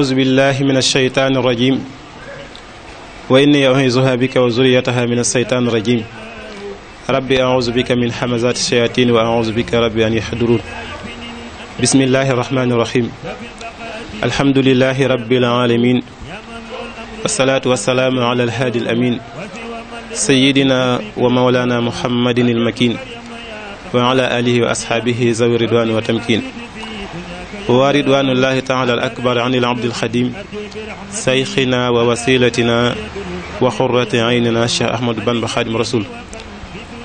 أعوذ بالله من الشيطان الرجيم وإني أعيذها بك وزريتها من الشيطان الرجيم ربي أعوذ بك من حمزات الشياطين وأعوذ بك ربي أن يحضرون بسم الله الرحمن الرحيم الحمد لله رب العالمين والصلاة والسلام على الهادي الأمين سيدنا ومولانا محمد المكين وعلى آله وأصحابه ذوي الرضوان وتمكين واردوان الله تعالى الأكبر عن العبد الخديم سيخنا ووسيلتنا وخرة عيننا الشيخ أحمد بن بخادم رسول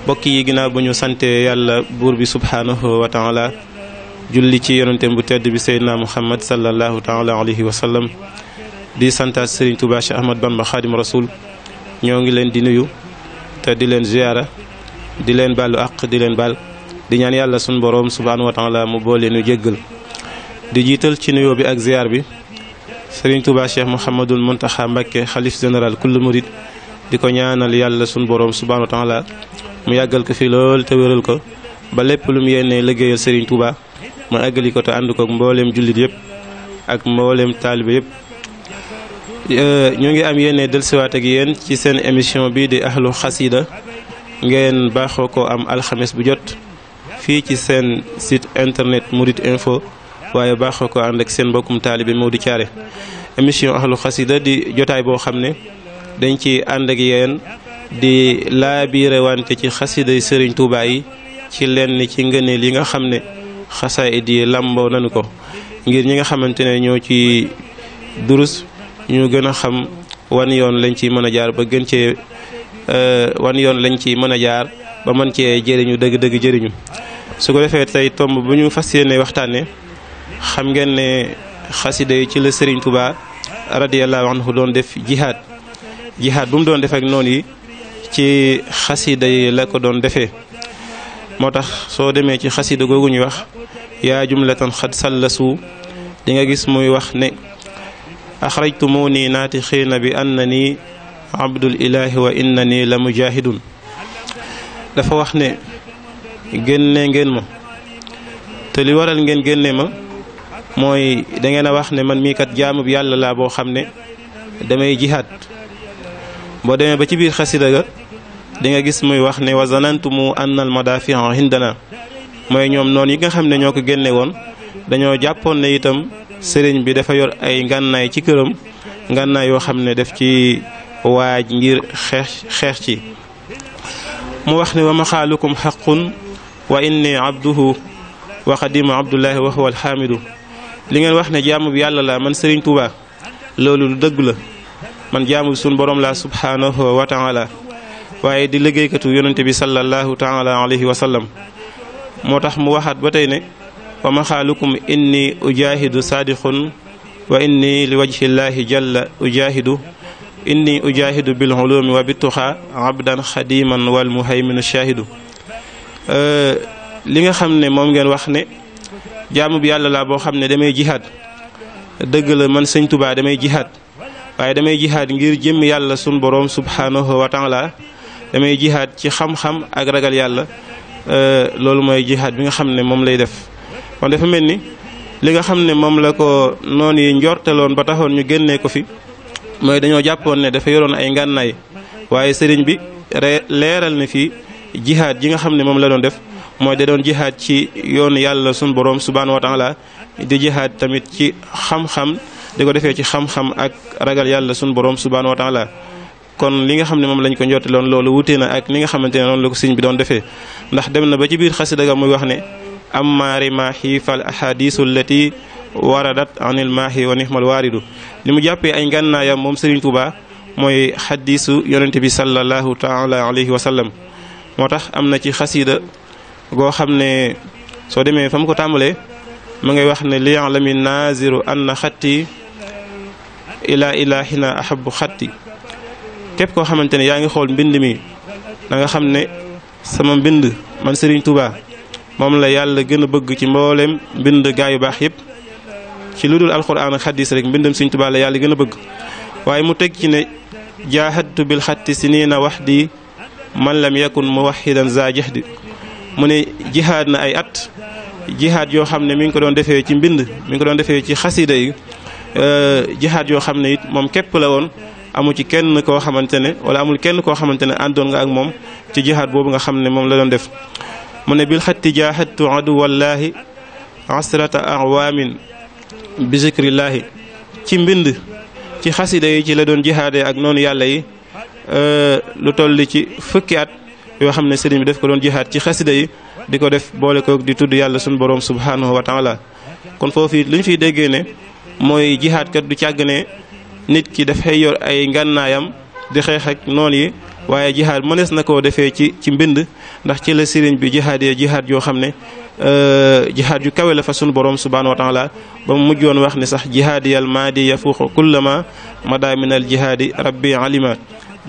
بكي جنا بنيو سنتي يلا بور سبحانه وتعالى جلي تي يونتم بتد سيدنا محمد صلى الله تعالى عليه وسلم دي سانتا سيرين توبا شيخ احمد بن خادم رسول نيوغي لين دي نيو تا دي لين زياره دي لين بالو اق دي لين بال دي نيان يالا سون بروم سبحانه وتعالى مو بولينو جيغل di jital ci nuyo bi ak ziar bi sëriñ Touba Cheikh Mouhamadul Mountakha mbake khalife général kul murid diko ñaanal yàlla sun borom subhanahu wa taala mu yagal ko fi lol te wéral ko ba lépp lu mu yene liggéeyal sëriñ Touba mu agali ko te ànd ko mbollem julit yeb ak mbollem talib yeb ñu ngi am yéene dellusiwaat ak yene ci sen émission bi di ahlu khasida ngeen baxoko am am khamis bu jot fi ci sen site internet murid info. waaye baaxoo ko ànd ak seen mbokkum taalibe Modou Thiaré émission ahlu xasida di jotaay boo xam ne dañ ci ànd ak yéen di laabiire wante ci xasiday sëriñ Touba yi ci lenn ci ngëneel yi nga xam ne xasaayid yi làmboo nañu ko ngir ñi nga xamante ne ñoo ci durus ñu gën a xam wan yoon lañ ci mën a jaar ba gën cee euh, wan yoon lañ ci mën a jaar ba mën cee jëriñu dëgg-dëgg jëriñu su ko defee tey tomb bu ñu fas yéene waxtaanee xam ngeen ne xasida yi ci la sëriñ tubaa Serigne Touba na anhu doon def jihaad jihaad bu mu doon def ak noonu yi ci xasida yi la ko doon defee moo tax soo demee ci xasida googu ñuy wax yaa jumlatan xad sallasu suu dinga gis muy wax ne axrajtumuni naatixiina bi annani abdul ilaahi wa innani la mujahidun dafa wax ne génne ngeen ma te li waral ngeen génne ma moy da ngay na wax ne man mi kat jaamu bi yàlla la bo xamne damay jihad bo deme ba ci bir khassida ga da nga gis muy wax ne wazanantum an al madafia hindana moy ñom non yi nga xamne ñoko génne won dañoo jappon ne itam sëriñ bi dafa yor ay ngànnaay ci kërëm ngànnaay yo xamne ne def ci waaj ngir xex xex ci mu wax ne wa maxaalukum haqqun wa inni abduhu wa qadimu abdullahi wa huwa al hamidu li ngeen wax ne jaamu bi yàlla la man Serigne Touba loolu lu dëgg la man jaamu bi suñu borom la subhanahu wa taala waaye di liggéeykatu yonente bi sallallahu taala alayhi wa sallam moo tax mu waxaat ba tey ne wa maxaalukum inni ujahidu saadiqun wa inni li wajhillahi jalla ujahidu inni ujahidu bil ulumi wa bittuxa abdan xadiman wal muhaymin shahidu li nga xam ne moom ngeen wax ne jaamu bi yàlla laa boo xam ne damay jihaad dëgg la man sëñ tubaa damay jihaad waaye damay jihaad ngir jëmm yàlla sun boroom subhanahu wa taala damay jihaad ci xam-xam ak ragal yàlla euh, loolu mooy jihaad bi nga xam ne moom lay def kon dafa mel ni li nga xam ne moom la ko noonu yi njorteloon ba taxoon ñu génnee ko fi mooy dañoo jàppoon ne dafa yoroon ay ngànnaay waaye sëriñ bi leeral na fii jihaad ji nga xam ne moom la doon def mooy da doon jihaad ci yoonu yàlla sunu borom subhaanahu wa taala di jihaad tamit ci xam-xam di ko defee ci xam-xam ak ragal yàlla sunu borom subhaanahu wa taala kon li nga xam ne moom lañ ko njottiloon loolu wute na ak li nga xamante ne noonu la ko sëñ bi doon defee ndax dem na ba ci biir xasida ga muy wax ne amma rimaahi fal ahadisu allati waradat anil maahi wa nihmal waaridu li mu jàppee ay ngànnaayam moom Serigne Touba mooy xadiisu yonente bi sallallahu taala alayhi wa sallam moo tax am na ci go xamne so deme fam ko tambale ma ngay wax ne liyan lamin naziru anna khatti ila ilahina ahabbu khatti kep ko xamantene ya yaa ngi xool mbind mi da nga xamne sama bind man Serigne Touba mom la yàlla gëna bëgg ci mbolem bind gaa yu bax yëpp ci lu alquran alxuraan ak xadis rek bindum Serigne Touba la yàlla gëna bëgg waye mu tek ci ne jahadtu bil khatti sinina wahdi man lam yakun muwahhidan zaa jahdi mune jihad na ay at jihad yo xamne mi ngi ko don defee ci mbind mi ngi ko don defee ci xasida yi euh jihad yo xamne it mom kep la won amu ci kenn ko xamantene wala amul kenn ko xamantene andon nga ak mom ci jihad bobu nga xamne mom la don def mune bil khatti jahadtu adu wallahi asrata arwaamin bi zikrillah ci mbind ci xasida yi ci la don jihaadee ak non yàlla yi lu tolli ci fukki at yoo xam ne sëriñ bi def ko doon jihaat ci xasida yi di ko def boole ko di tudd yàlla suñu borom subhanahu wa taala kon foofu it lu ñu fiy déggee ne mooy jihaat kat du càgg ne nit ki dafay yor ay ngànnaayam di xeex ak noon yi waaye jihaat mënees na koo defee ci ci mbind ndax ci la sëriñ bi jihaat yee jihaat yoo xam ne euh, jihaat yu kawe la fa sunu borom subhanahu wa taala ba mu mujjoon wax ne sax jihaad yal maadi yafuuxu kullama mada minal jihaadi rabbi alima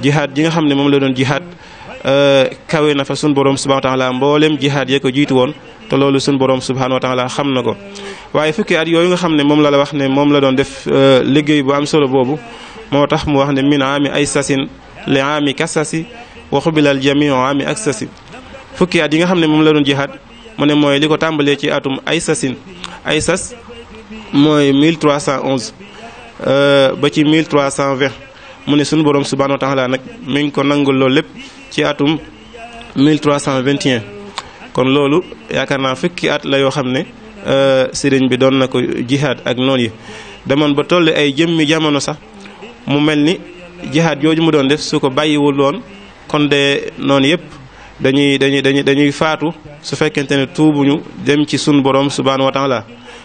jihaat yi nga xam ne moom la doon jihaat kawe na fa sun borom subhanahu wa taala mboolem jihaad ya ko jiitu woon te loolu sun borom subhanahu wa taala xam na ko waaye fukki at yooyu nga xam ne moom la la wax ne moom la doon def liggéey bu am solo boobu moo mu wax ne min aami ay sasin li aami kasasi wa xubilal jamiu aami ak sasi fukki at yi nga xam ne moom la doon jihaad mu ne mooy li ci atum ay sasin ay sas mooy ba ci 1320 mu ne borom subhanahu wa taala nag mi ko nangul loolu ci atum 1321 kon lolu yaakaar fukki at la yo xamne euh serigne bi don nako jihad ak non yi demoon ba toll ay jëmmi jamono sax mu melni jihad joju mu don def suko ko bàyyiwul kon de non yep dañuy dañuy dañuy dañuy faatu su fekkente ne tuubuñu dem ci sun borom subhanahu wa taala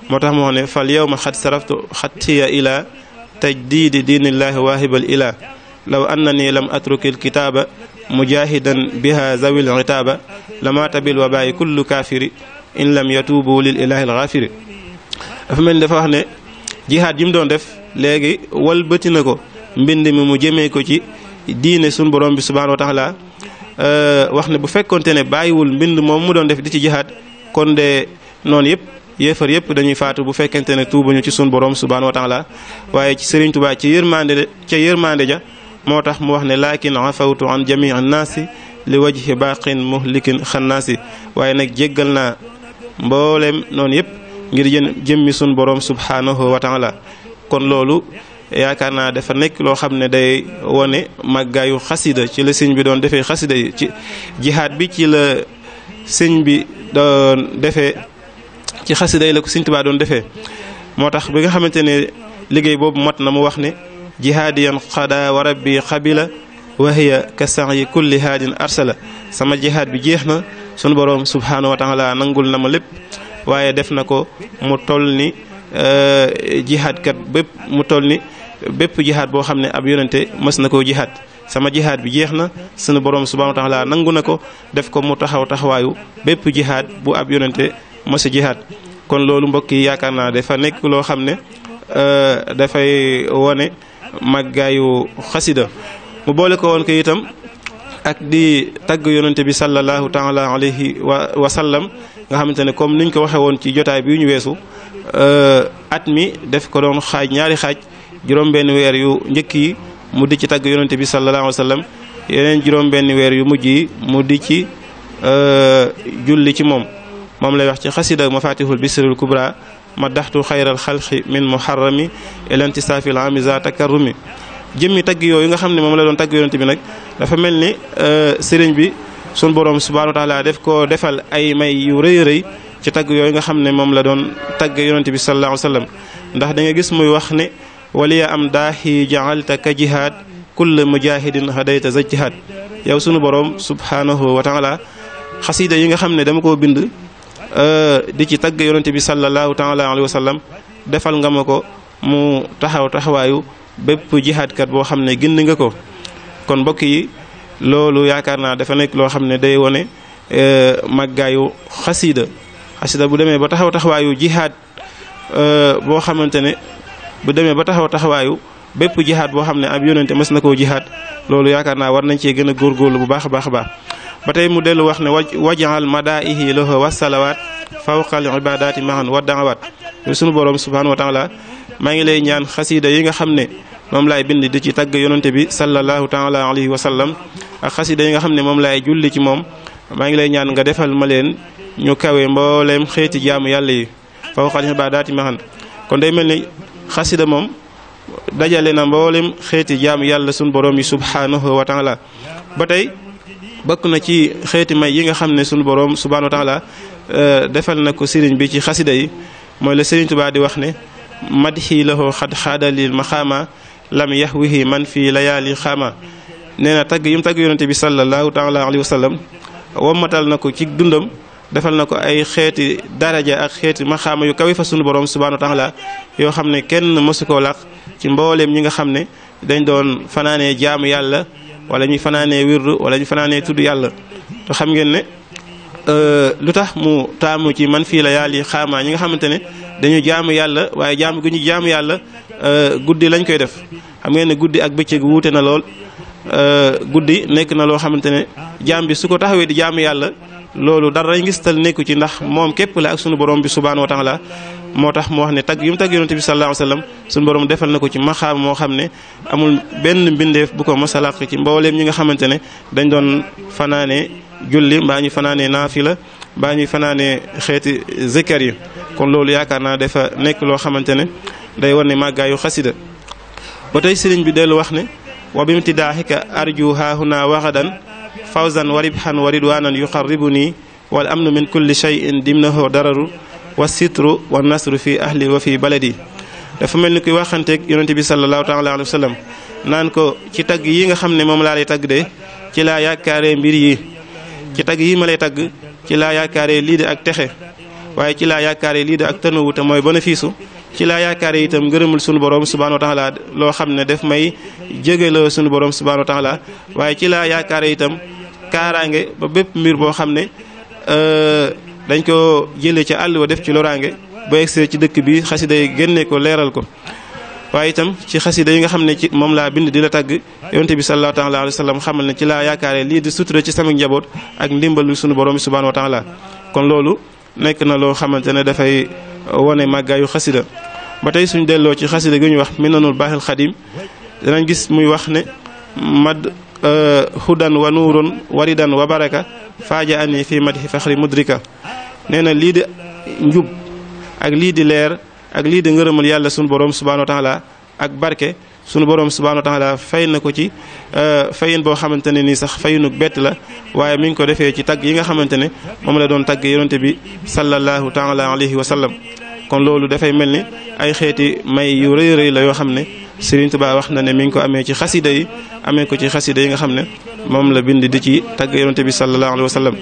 motax mo moo ne fal yawma khat saraftu xattiya ila tajdid dinillahi wahibal ila law annani lam atrukil alkitaba مجاهدا بها ذوي العتابة لمات بالوباء كل كافر in lam yatubu lil ilahi alghafiri dafa mel ni dafa wax ne jihaad yi mu doon def léegi walbati na ko mbind mi mu jëmee ko ci diine suñu borom bi subhanahu wa taala wax ne bu fekkonte ne bàyyiwul mbind moom mu doon def di ci jihaad kon de noonu yëpp yéefar yëpp dañuy faatu bu fekkente ne tuubuñu ci suñu borom subhanahu wa taala waaye ci sëriñ Tuubaa ci yërmande ca yërmande ja moo tax mu wax ne laakin afawtu an jamii annaasi li wajhi baaqin muhlikin xannaasi waaye nag jéggal naa mbooleem noonu yëpp ngir jën jëmmi sun borom subhaanahu wa taala kon loolu yaakaar naa dafa nekk loo xam ne day wone màggaayu xasida ci la sëñ bi doon defee xasida yi ci jihaad bi ci la sëñ bi doon defee ci xasida yi la ko sëñ Tuubaa doon defee moo tax bi nga xamante ne liggéey boobu mot na mu wax ne jihaadiyan xada wa rabbi xabila wa hiya yi sanyi kulli haadin arsala sama jihaad bi jeex na sunu boroom subhaanahu wa taala nangul na ma lépp waaye def na ko mu toll ni eh, jihaad kat bépp mu toll ni bépp jihaad boo xam ne ab yonente mës na koo jihaad sama jihaad bi jeex na sunu boroom subhaanahu wa taala nangu na ko def ko mu taxaw taxawaayu bépp jihaad bu ab yonente mës jihaad kon loolu mbokk yi yaakaar naa dafa nekk loo xam ne eh, dafay wone màggaayu xasida mu boole ko woon ko itam ak di tagg yonente bi sallallahu taala alayhi wa sallam nga xamante ne comme niñ ko waxee woon ci jotaay bi ñu weesu euh, at mi def ko doon xaaj ñaari xaaj juróom-benn weer yu njëkk yi mu di ci tagg yonente bi sallallahu alayhi wa sallam yeneen juróom-benn weer yu mujj yi mu di ci euh, julli ci moom moom lay wax ci xasida mafatihul bisrul kubra maddaxtu xayral xalqi min muharrami ila intisaafi al ami za takarrumi jëmmi tagg yooyu nga xam ne la doon tagg yonent bi nag dafa mel ni sëriñ bi sun borom subhanahu wa taala def ko defal ay may yu rëy rëy ci tagg yooyu nga xam ne moom la doon tagg yonent bi sallallahu alayhi wa ndax da nga gis muy wax ne waliya am daaxi jaalta ka jihaad kulle mujahidin hadayta za jihaad yow sunu borom subhanahu wa taala xasida yi nga xam dama koo bind Euh, di ci tagg yonent bi sallallahu taala alayhi wa sallam defal nga ma ko mu taxaw taxawaayu bépp jihaadkat boo xam ne gindi nga ko kon mbokk yi loolu yaakaar naa dafa nekk loo xam ne day wone euh, màggaayu xasida xasida bu demee ba taxaw taxawaayu jihaad euh, boo xamante ne bu demee ba taxaw taxawaayu bépp jihaad boo xam ne ab yonente mës na koo jihaad loolu yaakaar naa war nañ cee gën a góorgóorlu bu baax a baax a baax batay mu delu wax ne wajaal madaihi lahu wa fawqa fawqal ibadaati mahan wa daawaat sunu borom subhanahu wa taala ma ngi lay ñaan khasida yi nga xamne mom lay bind di ci tagg yonante bi sallallahu taala alayhi wa sallam ak khasida yi nga xamne mom lay julli ci mom ma ngi lay ñaan nga defal ma len ñu kawe mbolem xéti jaamu yàlla yi fawqal ibadaati mahan kon day melni khasida mom dajale na mbolem xéti jaamu yàlla sunu borom yi subhanahu wa taala batay bokku na ci xeeti may yi nga xam ne sunu borom subhanahu wa taala defal na ko sëriñ bi ci xasida yi mooy la sëriñ Tuubaa di wax ne madxii lahoo xad lil maxaama lam yahwihi man fi layaali xaama nee na tagg yi mu tagg yonente bi sallallahu taala alayhi wa sallam na ko ci dundam defal na ko ay xeeti daraja ak xeeti maxaama yu kawe fa sunu borom subhanahu wa taala yoo xam ne kenn mësu koo lax ci mbooleem ñi nga xam ne dañ doon fanaanee jaamu yàlla wala ñuy fanaanee wirdu wala ñu fanaanee tudd yàlla te xam ngeen ne euh, lu tax mu taamu ci man fii la yàlla yi xaamaa ñi nga xamante ne dañu jaamu yàlla waaye jaamu gi ñu jaamu yàlla euh, guddi lañ koy def xam ngeen ne guddi ak bëccëg wuute na lool euh, guddi nekk na loo xamante ne jaam bi su ko taxawee di jaamu yàlla loolu dara ngistal neeku ci ndax mom kep la ak sunu borom bi subhanahu wa taala motax mo wax ni tag yum tag yonnabi sallallahu alayhi wasallam sunu borom defal nako ci maxaam mo xamne amul ben bindef bu ko masalaq ci mbooleem ñi nga xamantene dañ doon fanane julli ba ñu fanane nafila ba ñuy fanane xeti zikkar kon lolu yakarna defa nek lo xamantene day war magga yu khasida batay serigne bi dellu wax ne wa bimtidaaxika arju haahuna waxadan فوزا وربحا ورضوانا يقربني والأمن من كل شيء ضمنه ضرر والستر والنصر في أهلي وفي بلدي dafa mel ni kuy waxanteeg yonent bi sallallahu taala alayhi wa sallam naan ko ci tagg yi nga xam ne moom laa lay tagg de ci laa yaakaaree mbir yi ci tagg yi ma lay tagg ci laa yaakaaree lii de ak texe waaye ci laa yaakaaree lii de ak tënuwu te mooy bénéfice ci laa yaakaaree itam ngërëmul sunu borom subhaanahu wa taala loo xam ne def may jégaloo sunu borom subhaanahu wa taala waaye ci laa yaakaaree itam. karangé ba bépp mbir bo xamné euh dañ ko jëlé ci àll wa def ci lorangé bo exé ci dëkk bi xasida yi génne ko léral ko waaye itam ci xasida yi nga xamné ci mom la bind di la yonte bi sallallahu taala alayhi wasallam xamal na ci la yaakaare li di sutura ci sama njabot ak ndimbalu sunu borom subhanahu wa taala kon lolu nek na lo xamantene da fay woné màggaayu xasida ba tey suñ delloo ci xasida gi wax minanul bahil khadim danañ gis muy wax ne mad Euh, hudan wa nuurun waridan wa baraka faaja ani fi madhi faxri mudrika nee na lii de njub ak lii di leer ak lii di ngërëmal yàlla sunu borom subhaanahu wa taala ak barke sunu borom subhaanahu wa taala fay na ko ci euh, fayin boo xamante ne nii sax fayinuk bett la waaye mi ngi ko defee ci tagg yi nga xamante ne moom la doon tagg yonente bi sallallahu taala alayhi wa sallam kon loolu dafay mel ni ay xeeti may yu rëy rëy la yoo xam ne Serigne Touba wax na ne mi ngi ko amee ci xasida yi amee ko ci xasida yi nga xam ne moom la bind di ci tàgg yonent bi sallallahu alayhi wa sallam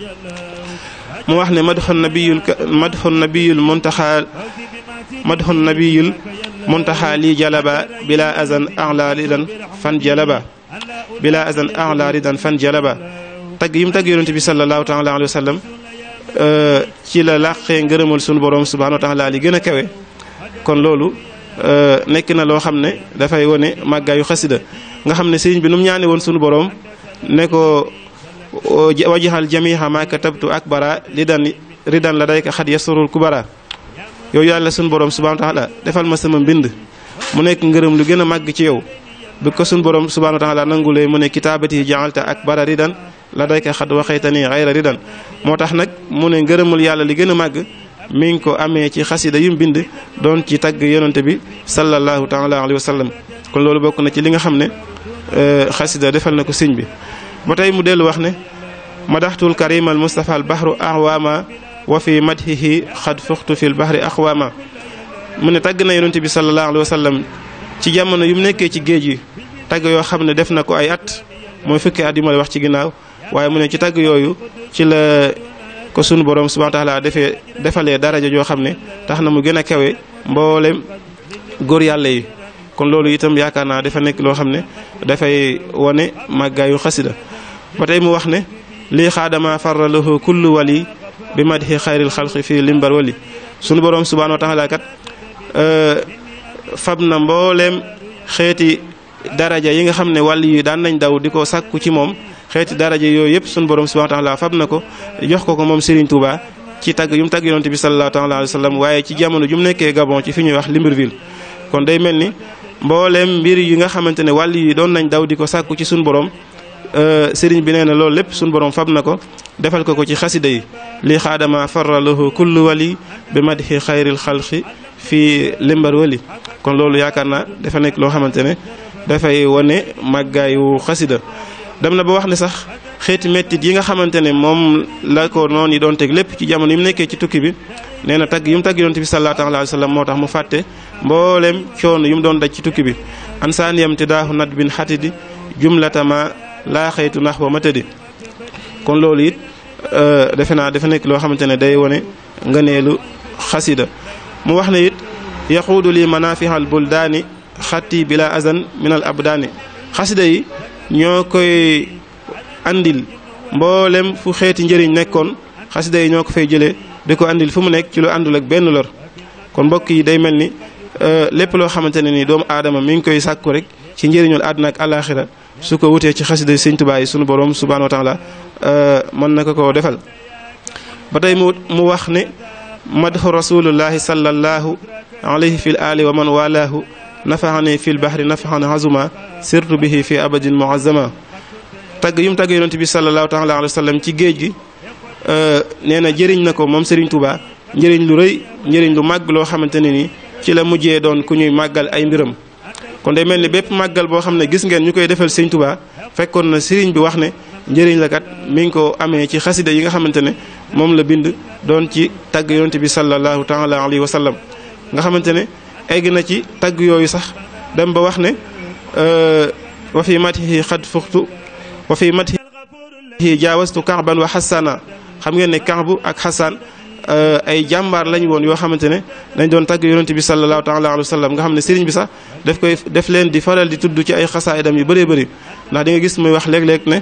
mu wax ne madxu nabiyul madxu nabiyul muntaxaa madxu nabiyul muntaxaa lii jalaba bila azan ala ridan fan jalaba bila azan ala ridan fan jalaba tagg yi mu tagg yonent bi sallallahu taala alayhi wa sallam euh, ci la làqee ngërëmal sunu borom subhanahu tax taala li gën a kawe kon loolu Euh, nekk na loo xam ne dafay wone màggaayu xasida nga xam ne sëriñ bi nu mu ñaane woon sunu borom ne ko wajaxal jamiha ma katabtu akbara bara li daan la day ko xat yasurul kubara yow yàlla sunu borom subhaanahu wa defal ma sama mbind mu nekk ngërëm lu gën a màgg ci yow bi ko sunu borom subhaanahu wa taala nangulee mu ne kitaabati jaalta akbara ridan la day ko xat waxeetani xayra ridan moo tax nag mu ne ngërëmul yàlla li gën a màgg min ko amé ci xasida yum bind don ci tag yonenté bi sallallahu taala alayhi wa sallam kon lolu bokku na ci li nga xamné euh xasida defal nako sëñ bi motay mu delu wax ne karim al mustafa al bahru ahwama wa fi madhihi khad fukhtu fil l bahri ahwaama mu ne na yonenté bi sallallahu alayhi wa sallam ci jamono yum nekké ci géej tag yo xamné def nako ay at moy fukki adima wax ci ginaaw waye mune ci tag yoyu ci la ko sunu borom subhaana taala defee defalee daraja joo xam ne tax na mu gën a kawe mboolem góor yàlla yi kon loolu itam yaakaar naa dafa nekk loo xam ne dafay wane màggaayu xasida ba tey mu wax ne lii xaadama farra lahu kullu bi madhi xayril xalqi fii limbar wali sunu borom subhaana taala kat euh, fab na mbooleem xeeti daraja yi nga xam ne wàll yi daan nañ daw di ko sàkku ci moom xeeti daraja yooyu yëpp sun borom subhanahu wa taala fab na ko jox ko ko moom Serigne Touba ci tag yum tag tagg bi sallallahu taala alayhi wasallam sallam waaye ci jamono jum mu nekkee Gabon ci fi ñuy wax limberville kon day mel ni mboolem mbir yi nga xamante ne wàll yi doon nañ daw di ko sàkku ci sun borom Serigne bi nee na loolu lépp sun borom fab na ko defal ko ko ci xasida yi li xaadama farralahu kullu wali bi madhi xayril xalqi fi limbar wali kon loolu yaakaar naa dafa nekk loo xamante ne dafay wane màggaayu xasida dem na ba wax ni sax xeeti mettit yi nga xamantene mom la ko non yi don tek lépp ci jamono yim nekké ci tukki bi nee tag yum tag yonte bi sallallahu alayhi wasallam motax mu fàtte mbooleem cion yum don doon daj ci tukki bi ansan yam tidahu nad bin hatid jumlatama la khaytu nahwa matadi kon lolu it euh defena def nek lo xamantene day wone ngëneelu khasida mu wax ne it yaquudu li manafihal buldaani khati bila azan min al abdaani xasida yi ñokoy andil mbollem fu xéti njëriñ nekkon xassida yi ñoo fay jëlé diko andil fu mu nekk ci lu àndul ak benn lor kon mbokk yi day melni euh lépp lo xamanteni ni doom aadama mi ngi koy sàkku rek ci njëriñul aduna ak àllaaxira su ko wutee ci xasida seigne touba yi sunu borom subhanahu wa taala euh man na ko defal. batay mu mu wax ne madhu rasulullahi sallallahu alayhi fil ali wa man walahu nafaxani fil bahri nafaxan azuma sirtu bihi fi abadin muazama tagg yu mu tagg yonent bi sallallahu taala alayhi wa sallam ci géej gi nee na jëriñ na ko moom Serigne Touba njëriñ lu rëy njëriñ lu màgg loo xamante ne ni ci la mujjee doon ku ñuy màggal ay mbiram kon day mel ni bépp màggal boo xam ne gis ngeen ñu koy defal Serigne Touba fekkoon na Serigne bi wax ne njëriñ la kat mi ngi ko amee ci xasida yi nga xamante ne moom la bind doon ci tagg yonent bi sallallahu taala alayhi wa sallam nga xamante ne egg na ci tag yoyu sax dem ba wax ne wa fi matihi xad fuxtu wa fi matihi jawastu ka'ban wa hasana xam ngeen ne ka'bu ak xasaan ay jambar lañ won yo xamantene dañ doon tag yonente bi sallallahu taala alayhi wasallam nga xamne serigne bi sax daf koy def len di faral di tuddu ci ay khasaidam yu bari bari ndax da nga gis muy wax leg leg ne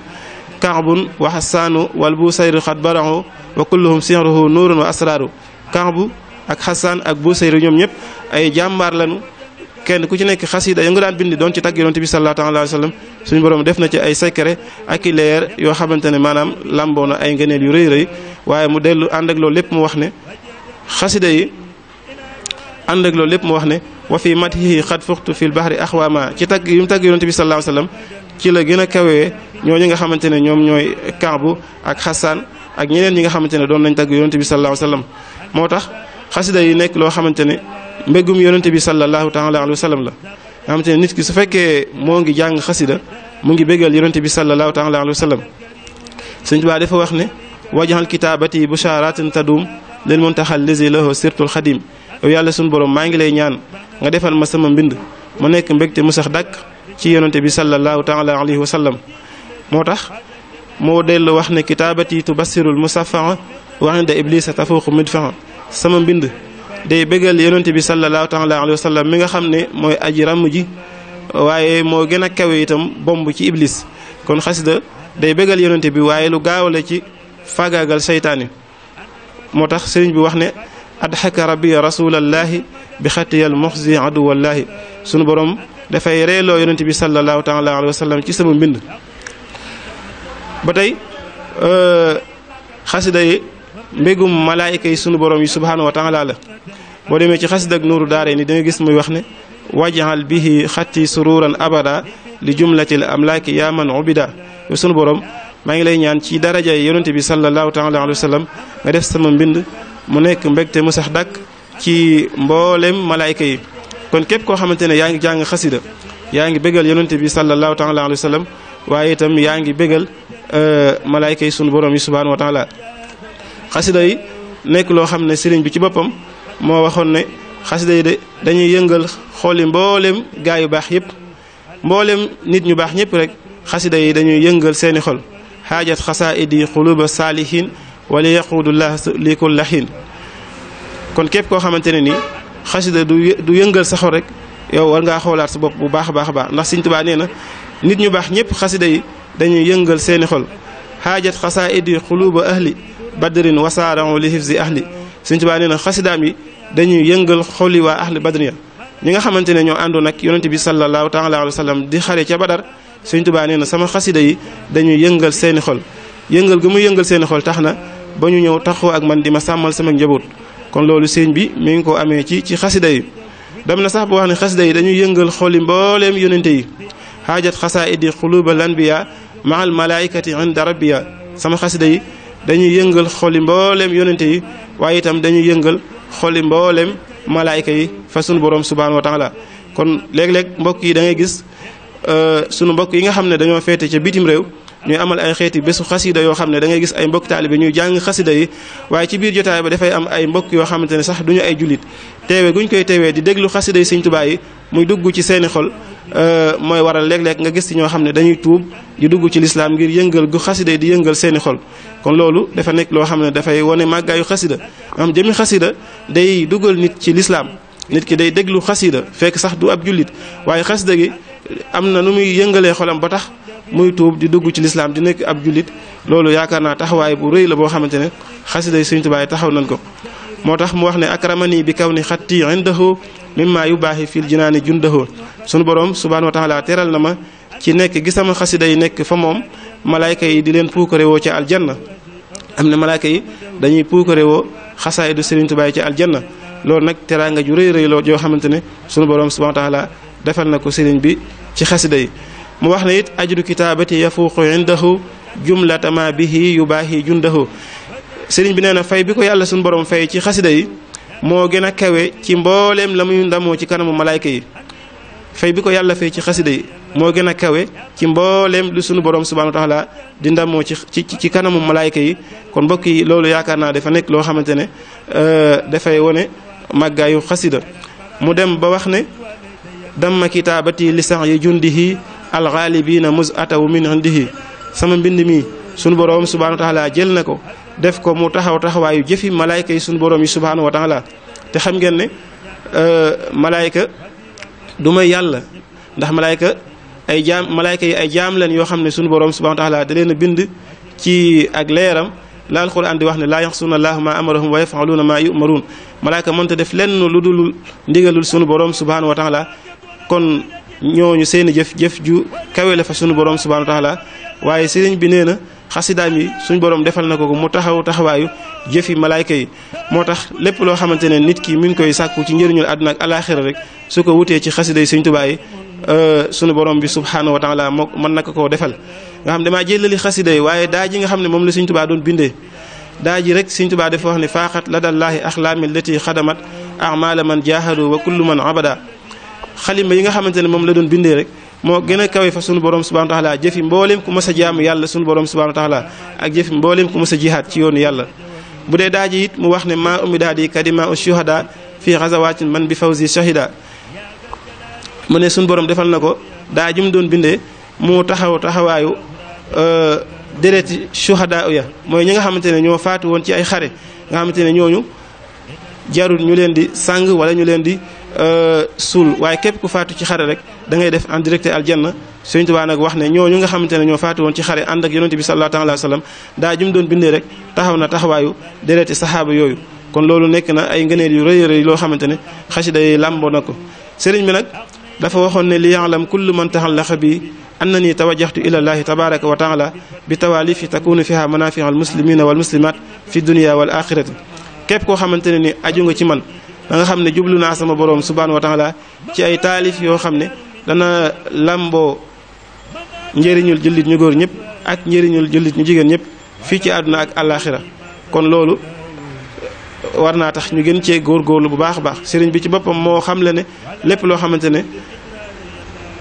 ka'bun wa hasanu wal busayr sayru barahu wa kulluhum sihruhu nurun wa asraru ka'bu ak xasaan ak busayri ñom ñep ay jambar lañu kenn ku ci nek khassida ya nga daan bindi don ci tagg yonent bi sallallahu alayhi wasallam suñu borom def na ci ay secret ak leer yo xamantene manam lambono ay ngeenel yu reey reey waye mu delu ànd ak loolu lépp mu wax ne khassida yi ànd ak loolu lépp mu wax ne wa fi matihi xad fuxtu fil bahri akhwama ci tagg yi mu tagg bi sallallahu alayhi wasallam ci la gëna kawé ñoo ñooñu nga xamante ne ñoom ñooy ak xasaan ak ñeneen ñi nga xamante doon nañ tagg yonent bi sallallahu alayhi wasallam motax khasida yi nek lo xamantene mbegum mbéggum yonente bi sallallahu taala alayhi wa sallam la xamantene nit ki su fekke mo ngi jàng khasida mo ngi begal yonente bi sallallahu taala alayhi wa sallam sëñ dafa wax ne wajhal kitabati busharatin tadum lil muntahal lazi lahu sirtul khadim yow yàlla sun borom ma ngi lay ñaan nga defal ma sama mbind mo nek mbégte musax dak ci yonente bi sallallahu taala alayhi wa sallam moo tax wax ne kitaabati tubassirul musafaa wa inda iblisa midfaa sama bind day bëggal yonent bi sallallahu taala alayhi wa sallam mi nga xamne moy mooy aji ji waaye moo kawe itam bomb ci iblis kon khassida day bëggal yonent bi waye lu gaaw la ci fagaagal seytaane motax serigne bi waxne adhaka rabbi rasulallaahi bi xatiyal adu wallahi sunu borom fay reelo yonent bi sallallahu taala alayhi wa sallam ci sama bind batay euh khassida yi mbégum malaayika yi sunu borom yi subhaanahu wa taala la boo demee ci xasida ak nuuru daare ni da nga gis muy wax ne wajal bihi xatti sururan abada li jumlatil amlaaki yaa man ubida yow sunu borom maa ngi lay ñaan ci daraja yonente bi sallallahu taala alayhi wa sallam nga sama mbind mu nekk mbégte mu sax dàkk ci mboolem malaayika yi kon képp koo xamante ne yaa ngi jàng xasida yaa ngi bégal yonente bi sallallahu taala alayhi wa sallam waaye itam yaa ngi bégal euh, malaayika yi sunu borom yi subhaanahu wa taala xasida yi nekk loo xam ne sëriñ bi ci boppam moo waxoon ne xasida yi de dañuy yëngal xooli mbooleem gaa yu baax yépp mbooleem nit ñu baax ñépp rek xasida yi dañuy yëngal seeni xol xaajat xasaidi xuluba saalihin wala yaqudullah li kulli hin kon képp koo xamante ne nii xasida du du yëngal sa xol rek yow war ngaa xoolaat sa bopp bu baax a baax baax ndax Sëriñ Tuubaa nee na nit ñu baax ñépp xasida yi dañuy yëngal seeni xol xaajat xasaidi xuluba ahli badrin wasaarahu li hifzi ahli Sëñ Tuubaa nee na xasidaam yi dañuy yëngal xoli waa ahli badrin ya ñi nga xamante ne ñoo àndoon ak yonent bi sallallahu taala alayhi wa sallam di xare ca badar Sëñ Tuubaa nee na sama xasida yi dañuy yëngal seeni xol yëngal gi muy yëngal seeni xol tax na ba ñu ñëw taxoo ak man di ma sàmmal sama njaboot kon loolu sëñ bi mi ngi ko amee ci ci xasida yi dem na sax bu wax ne xasida yi dañuy yëngal xoli mbooleem yonente yi xaajat xasaa idi xuluba lanbiya maal malaikati inda rabbiya sama xasida yi dañuy yëngal xoli mbollem yonente yi waye tam dañuy yëngal xoli mbollem malaika yi fa sunu borom subhanahu wa taala kon leg leg mbokk yi da ngay gis euh sunu mbokk yi nga xamné ne dañoo feete ca bitim réew ñuy amal ay xeeti bésu xasida yo xamné da ngay gis ay mbokk talibé ñuy jàng xasida yi waye ci biir jotaay ba da fay am ay mbokk yo xamanteni sax duñu ay julit téwé guñ koy téwé di déglu xasida yi Sëñ Tuubaa yi muy dugg ci seeni xol Euh, mooy waral léeg-léeg nga gis ci ñoo xam ne dañuy tuub di dugg ci lislaam ngir yëngal gu xasida di yëngal seeni xol kon loolu dafa nekk loo xam ne dafay wane màggaayu xasida am jëmi xasida day dugal nit ci lislaam nit ki day déglu xasida fekk sax du ab jullit waaye xasida gi am na nu muy yëngalee xolam ba tax muy tuub di dugg ci lislaam di nekk ab jullit loolu yaakaar naa taxawaay bu rëy la boo xamante ne xasida yi Sëriñ Tuubaa taxaw nañ ko motax mu wax ne akramani bi kawni khatti indahu mimma yubahi fil jinaani jundahu sun borom subhanahu wa taala teral nama ci nek gi sama xasida yi nek fa mom malaika yi di len puukare wo ci aljanna amna malaika yi dañuy puukare wo xasaay serigne touba ci aljanna loolu nak teranga ju reey reey lo jo xamantene sun borom subhanahu wa taala defal nako serigne bi ci khassida yi mu wax ne it ajru kitabati yafuqu indahu jumlatama bihi yubahi jundahu sëriñ bi nee na fay bi ko yàlla suñu borom fay ci xasida yi moo gën a kawe ci mbooleem la muy ndamoo ci kanamu malaayka yi fay bi ko yàlla fay ci xasida yi moo gën a kawe ci mbooleem lu sunu borom subhanahu wa taala di ndamoo ci ci ci kanamu malaayka yi kon mbokk yi loolu yaakaar naa dafa nekk loo xamante ne euh, dafay wone màggaayu xasida mu dem ba wax ne damma kitaabati lisan yi jundihi alxaalibiina mus ataw min indihi sama mbind mi sunu borom subhanahu jël na ko def ko mu taxaw taxawaayu jëfi malaayka yi suñu borom yi subhaanahu wa taala te xam ngeen ne euh, malaayka du may yàlla ndax malaayka ay jaam malaayka yi ay jaam leen yoo xam ne suñu borom subhaanahu wa taala da leen a bind ci ak leeram la alxuraan di wax ne laa yaxsuuna allaaha maa amarahum wa yafaluuna maa yumaruun malaayka mënta def lenn lu dul ndigalul suñu borom subhaanahu wa taala kon ñooñu seeni jëf jëf ju kawe la fa suñu borom subhaanahu wa taala waaye sëriñ bi nee na xasidaam yi suñ borom defal nako ko mu taxaw taxawayu jeufi malaika yi motax lépp lo xamantene nit ki mi ngi koy sàkku ci njëriñul aduna ak alakhir rek suko wuté ci xasida yi suñ tubaa yi suñu borom bi subhanahu wa taala moo mën na ko defal nga xam damaa jëlali xasida yi waye daaji nga xamne mom la suñ tubaa doon bindé daaji rek suñ tubaa def wax ni faqat ladallahi dallaahi axlaami lati xadamat amala man jahadu wa kullu man abada khalima yi nga xamantene mom la doon bindé rek moo gën a kawe fa sunu borom subhanahu wa taala jëfi mbooleem ku mës a jaamu yàlla sunu borom subhanahu wa taala ak jëfi mbooleem ku mës a jihaat ci yoonu yàlla bu dee daaji it mu wax ne maa umi daa di kadima u shuhada fii xazawaatin man bi fawzi shahida mu ne sunu borom defal na ko daa jum doon bindee mu taxaw taxawaayu euh, déreeti shuhada ya mooy ñi nga xamante ne ñoo faatu woon ci ay xare nga xamante ne ñooñu jarul ñu leen di sàng wala ñu leen di euh, suul waaye képp ku faatu ci xare rek da ngay def en direct al janna serigne touba nak wax ne ñooñu nga xamantene ñoo faatu won ci xare ànd ak yonente bi sallallahu alayhi wasallam da daa jum doon bindé rek taxaw na taxawaayu dereti sahaba yoyu kon loolu nek na ay ngëneel yu reey reey lo xamantene xasi day lambo nako serigne bi nak dafa waxoon ne li ya'lam kullu man tahallakha bi annani tawajjahtu ila allah tabaarak wa taala bi tawalifi takunu fiha manafiu almuslimina muslimat fi dunya wal akhirati kep ko xamantene ni aju nga ci man nga xamne ne jublu naa sama borom subhanahu wa taala ci ay talif yo xamne dana làmboo njëriñul jullit ñu góor ñëpp ak njëriñul jullit ñu jigéen ñëpp fii ci àdduna ak àllaaxira kon loolu war naa tax ñu gën cee góorlu bu baax a baax sëriñ bi ci boppam moo xam le ne lépp loo xamante ne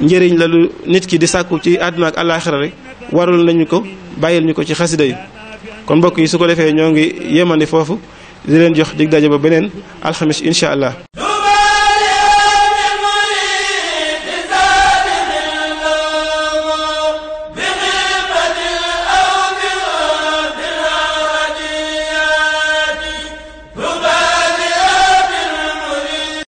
njëriñ la lu nit ki di sàkku ci àdduna ak àllaaxira rek warul nañu ko bàyyil ñu ko ci xasida yi kon mbokk yi su ko defee ñoo ngi yemandi foofu di leen jox dig daje ba beneen alxamis incha allah